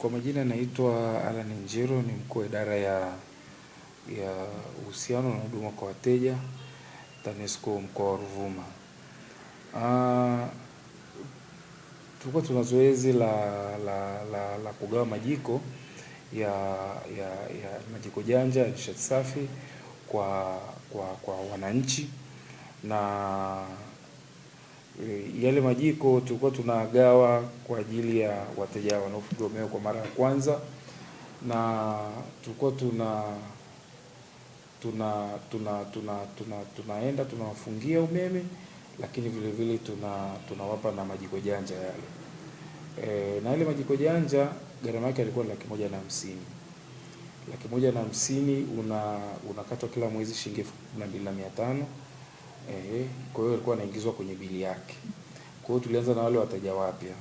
Kwa majina naitwa Alan Njiro ni mkuu wa idara ya ya uhusiano na huduma kwa wateja TANESCO mkoa wa Ruvuma. Ah, tulikuwa tuna zoezi la, la, la, la kugawa majiko ya, ya, ya majiko janja ya nishati safi kwa, kwa, kwa wananchi na E, yale majiko tulikuwa tunagawa kwa ajili ya wateja wanaofuga umeme kwa mara ya kwanza, na tulikuwa tuna tuna tuna tuna tuna tunaenda tunawafungia umeme, lakini vile vile tuna tunawapa na majiko janja yale. E, na yale majiko janja gharama yake alikuwa laki moja na hamsini laki moja na hamsini una unakatwa kila mwezi shilingi elfu kumi na mbili na mia tano eh, kwa hiyo alikuwa anaingizwa kwenye bili yake. Kwa hiyo tulianza na wale wateja wapya,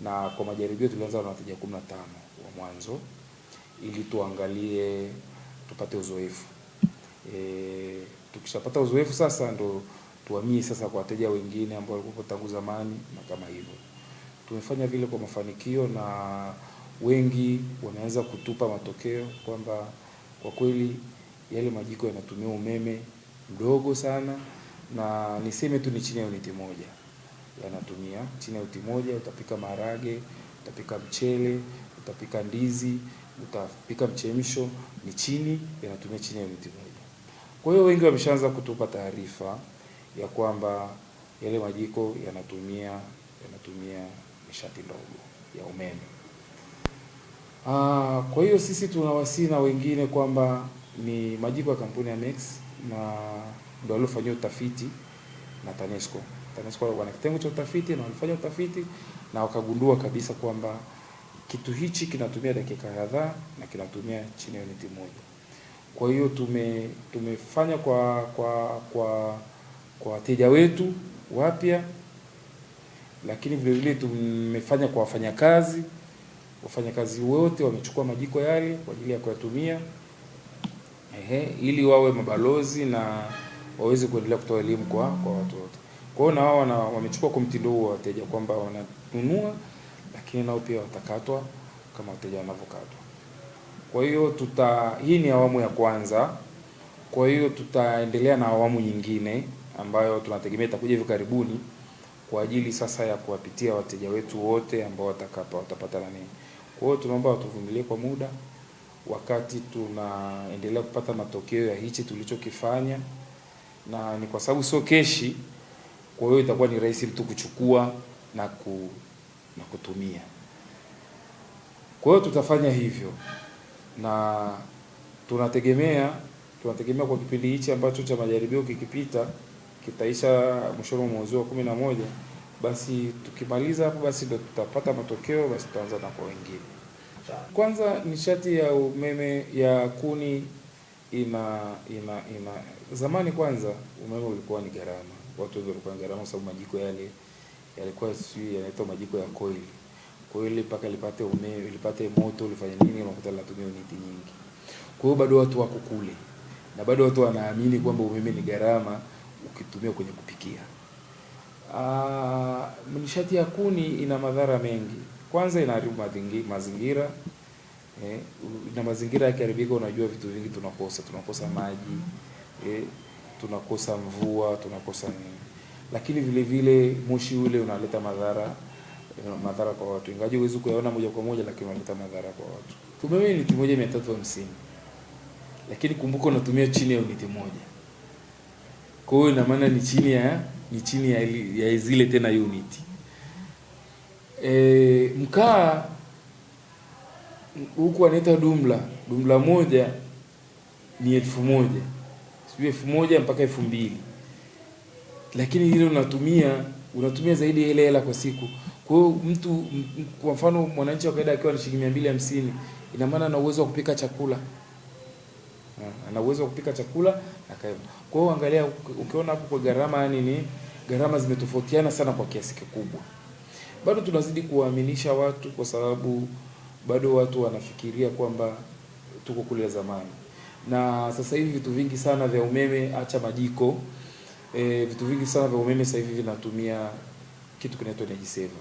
na kwa majaribio tulianza na wateja 15 wa mwanzo ili tuangalie tupate uzoefu Eh, tukishapata uzoefu sasa ndo tuhamie sasa kwa wateja wengine ambao walikuwa tangu zamani na kama hivyo. Tumefanya vile kwa mafanikio na wengi wameanza kutupa matokeo kwamba kwa kweli yale majiko yanatumia umeme mdogo sana, na niseme tu ni chini ya uniti moja yanatumia. Chini ya uniti moja utapika maharage, utapika mchele, utapika ndizi, utapika mchemsho, ni chini yanatumia chini ya uniti moja. Kwa hiyo wengi wameshaanza kutupa taarifa ya kwamba yale majiko yanatumia yanatumia nishati ndogo ya umeme. Aa, ah, kwa hiyo sisi tunawasii na wengine kwamba ni majiko ya kampuni ya Next na ndio waliofanyia utafiti na TANESCO. TANESCO wana kitengo cha utafiti na walifanya utafiti na wakagundua kabisa kwamba kitu hichi kinatumia dakika kadhaa na kinatumia chini ya uniti moja. Kwa hiyo tume tumefanya kwa kwa kwa kwa wateja wetu wapya, lakini vile vile tumefanya kwa wafanyakazi. Wafanyakazi wote wamechukua majiko yale kwa ajili ya kuyatumia ehe, ili wawe mabalozi na waweze kuendelea kutoa elimu kwa kwa watu wote. Kwa hiyo na wao wamechukua kwa mtindo huo wateja kwamba wananunua, lakini nao pia watakatwa kama wateja wanavyokatwa. Kwa hiyo tuta, hii ni awamu ya kwanza. Kwa hiyo tutaendelea na awamu nyingine ambayo tunategemea itakuja hivi karibuni kwa ajili sasa ya kuwapitia wateja wetu wote ambao watakapa watapata nini. Kwa hiyo tunaomba watuvumilie kwa muda wakati tunaendelea kupata matokeo ya hichi tulichokifanya, na ni kwa sababu sio keshi, kwa hiyo itakuwa ni rahisi mtu kuchukua na, ku, na kutumia. Kwa hiyo tutafanya hivyo na tunategemea tunategemea kwa kipindi hichi ambacho cha majaribio kikipita kitaisha mwishoni mwa mwezi wa kumi na moja, basi tukimaliza hapo, basi ndo tutapata matokeo, basi tutaanza na kwa wengine. Kwanza nishati ya umeme ya kuni ima ima ima zamani, kwanza umeme ulikuwa ni gharama, watu wengi walikuwa ni gharama sababu majiko yale yalikuwa sijui yanaitwa majiko ya koili. Koili mpaka lipate umeme, lipate moto, lifanye nini, unakuta linatumia uniti nyingi. Kwa hiyo bado watu wako kule na bado watu wanaamini kwamba umeme ni gharama ukitumia kwenye kupikia. Ah, nishati ya kuni ina madhara mengi. Kwanza inaharibu mazingira eh, na mazingira yakiharibika, unajua vitu vingi tunakosa, tunakosa maji eh, tunakosa mvua, tunakosa nini, lakini vile vile moshi ule unaleta madhara eh, madhara kwa watu, ingawa huwezi kuyaona moja kwa moja, lakini unaleta madhara kwa watu. Tumeme timu moja mia tatu hamsini lakini kumbuka unatumia chini ya uniti moja, kwa hiyo ina maana ni chini ya ni chini ya, ya zile tena uniti e, mkaa huku anaita dumla. Dumla moja ni elfu moja sijui elfu moja mpaka elfu mbili lakini ile unatumia unatumia zaidi ya ile hela kwa siku. Kwa hiyo mtu kwa mfano mwananchi wa kawaida akiwa na shilingi mia mbili hamsini ina maana ana uwezo wa kupika chakula ah, ana uwezo wa kupika chakula akaiva. Kwa hiyo angalia, ukiona hapo kwa gharama, yani ni gharama zimetofautiana sana kwa kiasi kikubwa bado tunazidi kuwaaminisha watu, kwa sababu bado watu wanafikiria kwamba tuko kule zamani, na sasa hivi vitu vingi sana vya umeme, acha majiko e, vitu vingi sana vya umeme sasa hivi vinatumia kitu kinaitwa energy saver.